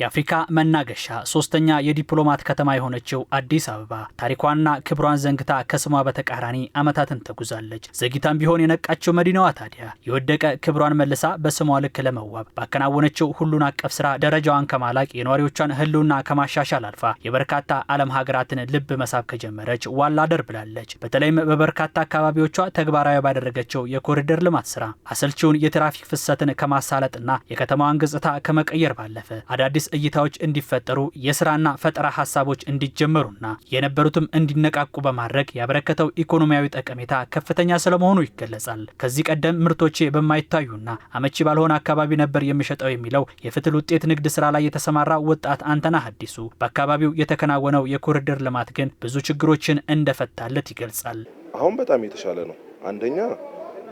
የአፍሪካ መናገሻ ሶስተኛ የዲፕሎማት ከተማ የሆነችው አዲስ አበባ ታሪኳና ክብሯን ዘንግታ ከስሟ በተቃራኒ ዓመታትን ተጉዛለች። ዘግይታም ቢሆን የነቃችው መዲናዋ ታዲያ የወደቀ ክብሯን መልሳ በስሟ ልክ ለመዋብ ባከናወነችው ሁሉን አቀፍ ስራ ደረጃዋን ከማላቅ የነዋሪዎቿን ሕልውና ከማሻሻል አልፋ የበርካታ ዓለም ሀገራትን ልብ መሳብ ከጀመረች ዋላ አደር ብላለች። በተለይም በበርካታ አካባቢዎቿ ተግባራዊ ባደረገችው የኮሪደር ልማት ስራ አሰልቺውን የትራፊክ ፍሰትን ከማሳለጥና የከተማዋን ገጽታ ከመቀየር ባለፈ አዳዲስ አዳዲስ እይታዎች እንዲፈጠሩ የስራና ፈጠራ ሀሳቦች እንዲጀመሩና የነበሩትም እንዲነቃቁ በማድረግ ያበረከተው ኢኮኖሚያዊ ጠቀሜታ ከፍተኛ ስለመሆኑ ይገለጻል። ከዚህ ቀደም ምርቶቼ በማይታዩና አመቺ ባልሆነ አካባቢ ነበር የሚሸጠው የሚለው የፍትል ውጤት ንግድ ስራ ላይ የተሰማራ ወጣት አንተና አዲሱ በአካባቢው የተከናወነው የኮሪደር ልማት ግን ብዙ ችግሮችን እንደፈታለት ይገልጻል። አሁን በጣም የተሻለ ነው። አንደኛ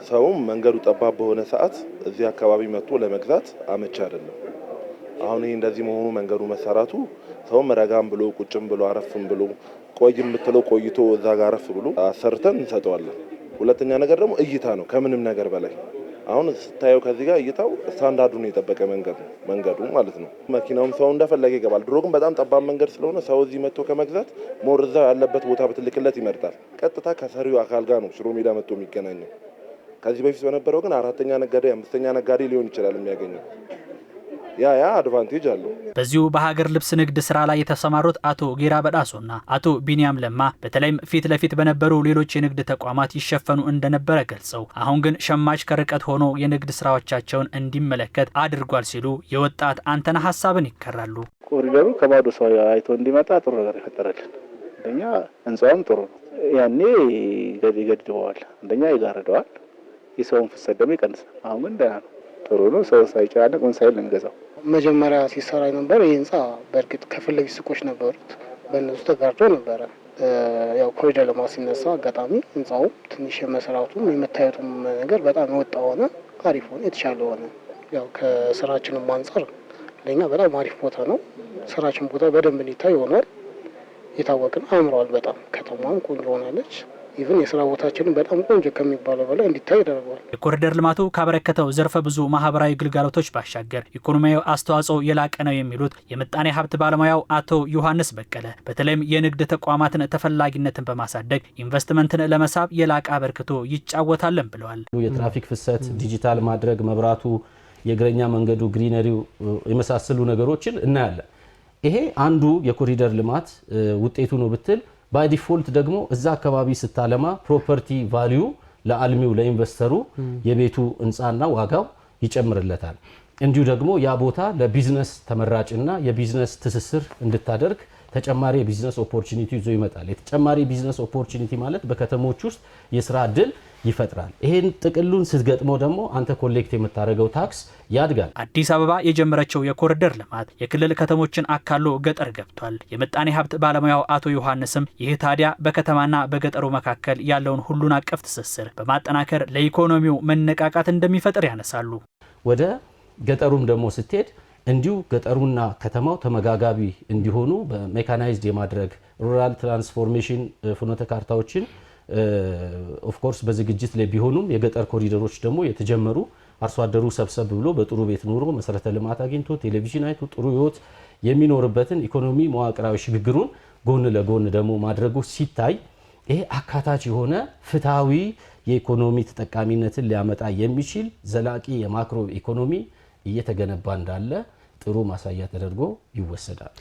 ሰውም መንገዱ ጠባብ በሆነ ሰዓት እዚህ አካባቢ መጥቶ ለመግዛት አመቺ አይደለም። አሁን ይህ እንደዚህ መሆኑ መንገዱ መሰራቱ ሰውም ረጋም ብሎ ቁጭም ብሎ አረፍም ብሎ ቆይ የምትለው ቆይቶ እዛ ጋር አረፍ ብሎ አሰርተን እንሰጠዋለን። ሁለተኛ ነገር ደግሞ እይታ ነው። ከምንም ነገር በላይ አሁን ስታየው ከዚህ ጋር እይታው ስታንዳርዱን የጠበቀ መንገድ ነው መንገዱ ማለት ነው። መኪናውም ሰው እንደፈለገ ይገባል። ድሮ ግን በጣም ጠባብ መንገድ ስለሆነ ሰው እዚህ መጥቶ ከመግዛት ሞር እዛ ያለበት ቦታ በትልቅለት ይመርጣል። ቀጥታ ከሰሪው አካል ጋር ነው ሽሮ ሜዳ መጥቶ የሚገናኘው። ከዚህ በፊት በነበረው ግን አራተኛ ነጋዴ፣ አምስተኛ ነጋዴ ሊሆን ይችላል የሚያገኘው ያ ያ አድቫንቴጅ አለው። በዚሁ በሀገር ልብስ ንግድ ስራ ላይ የተሰማሩት አቶ ጌራ በዳሶና አቶ ቢንያም ለማ በተለይም ፊት ለፊት በነበሩ ሌሎች የንግድ ተቋማት ይሸፈኑ እንደነበረ ገልጸው አሁን ግን ሸማች ከርቀት ሆኖ የንግድ ስራዎቻቸውን እንዲመለከት አድርጓል ሲሉ የወጣት አንተነ ሀሳብን ይከራሉ። ኮሪደሩ ከባዶ ሰው አይቶ እንዲመጣ ጥሩ ነገር ይፈጠራልን። አንደኛ ህንፃውም ጥሩ ነው። ያኔ ገድገድበዋል፣ አንደኛ ይጋርደዋል፣ የሰውን ፍሰት ደግሞ ይቀንሳል። አሁን ግን ደህና ነው። ጥሩ ነው። ሰው ሳይጨናነቅ ምን ሳይል እንገዛው። መጀመሪያ ሲሰራ ነበር ይህ ህንፃ። በእርግጥ ከፊት ለፊት ሱቆች ነበሩት፣ በእነሱ ተጋርዶ ነበረ። ያው ኮሪደር ልማት ሲነሳ አጋጣሚ ህንፃው ትንሽ የመስራቱም የመታየቱም ነገር በጣም የወጣ ሆነ፣ አሪፍ ሆነ፣ የተሻለ ሆነ። ያው ከስራችንም አንጻር ለኛ በጣም አሪፍ ቦታ ነው። ስራችን ቦታ በደንብ እንዲታይ ሆኗል። የታወቅን አምረዋል። በጣም ከተማም ቆንጆ ሆናለች። ኢቨን የስራ ቦታችንን በጣም ቆንጆ ከሚባለው በላይ እንዲታይ ያደርገዋል። የኮሪደር ልማቱ ካበረከተው ዘርፈ ብዙ ማህበራዊ ግልጋሎቶች ባሻገር ኢኮኖሚያዊ አስተዋጽኦ የላቀ ነው የሚሉት የምጣኔ ሀብት ባለሙያው አቶ ዮሐንስ በቀለ በተለይም የንግድ ተቋማትን ተፈላጊነትን በማሳደግ ኢንቨስትመንትን ለመሳብ የላቀ አበርክቶ ይጫወታለን ብለዋል። የትራፊክ ፍሰት ዲጂታል ማድረግ፣ መብራቱ፣ የእግረኛ መንገዱ፣ ግሪነሪው የመሳሰሉ ነገሮችን እናያለን። ይሄ አንዱ የኮሪደር ልማት ውጤቱ ነው ብትል ባይ ዲፎልት ደግሞ እዛ አካባቢ ስታለማ ፕሮፐርቲ ቫሊዩ ለአልሚው ለኢንቨስተሩ የቤቱ ህንፃና ዋጋው ይጨምርለታል። እንዲሁ ደግሞ ያ ቦታ ለቢዝነስ ተመራጭና የቢዝነስ ትስስር እንድታደርግ ተጨማሪ የቢዝነስ ኦፖርቹኒቲ ይዞ ይመጣል። የተጨማሪ ቢዝነስ ኦፖርቹኒቲ ማለት በከተሞች ውስጥ የስራ እድል ይፈጥራል። ይህን ጥቅሉን ስትገጥመው ደግሞ አንተ ኮሌክት የምታደርገው ታክስ ያድጋል። አዲስ አበባ የጀመረችው የኮሪደር ልማት የክልል ከተሞችን አካሎ ገጠር ገብቷል። የምጣኔ ሀብት ባለሙያው አቶ ዮሐንስም ይህ ታዲያ በከተማና በገጠሩ መካከል ያለውን ሁሉን አቀፍ ትስስር በማጠናከር ለኢኮኖሚው መነቃቃት እንደሚፈጥር ያነሳሉ። ወደ ገጠሩም ደግሞ ስትሄድ እንዲሁ ገጠሩና ከተማው ተመጋጋቢ እንዲሆኑ በሜካናይዝድ የማድረግ ሩራል ትራንስፎርሜሽን ፍኖተ ካርታዎችን ኦፍኮርስ በዝግጅት ላይ ቢሆኑም የገጠር ኮሪደሮች ደግሞ የተጀመሩ አርሶ አደሩ ሰብሰብ ብሎ በጥሩ ቤት ኑሮ መሰረተ ልማት አግኝቶ ቴሌቪዥን አይቶ ጥሩ ህይወት የሚኖርበትን ኢኮኖሚ መዋቅራዊ ሽግግሩን ጎን ለጎን ደግሞ ማድረጉ ሲታይ ይሄ አካታች የሆነ ፍትሐዊ የኢኮኖሚ ተጠቃሚነትን ሊያመጣ የሚችል ዘላቂ የማክሮ ኢኮኖሚ እየተገነባ እንዳለ ጥሩ ማሳያ ተደርጎ ይወሰዳል።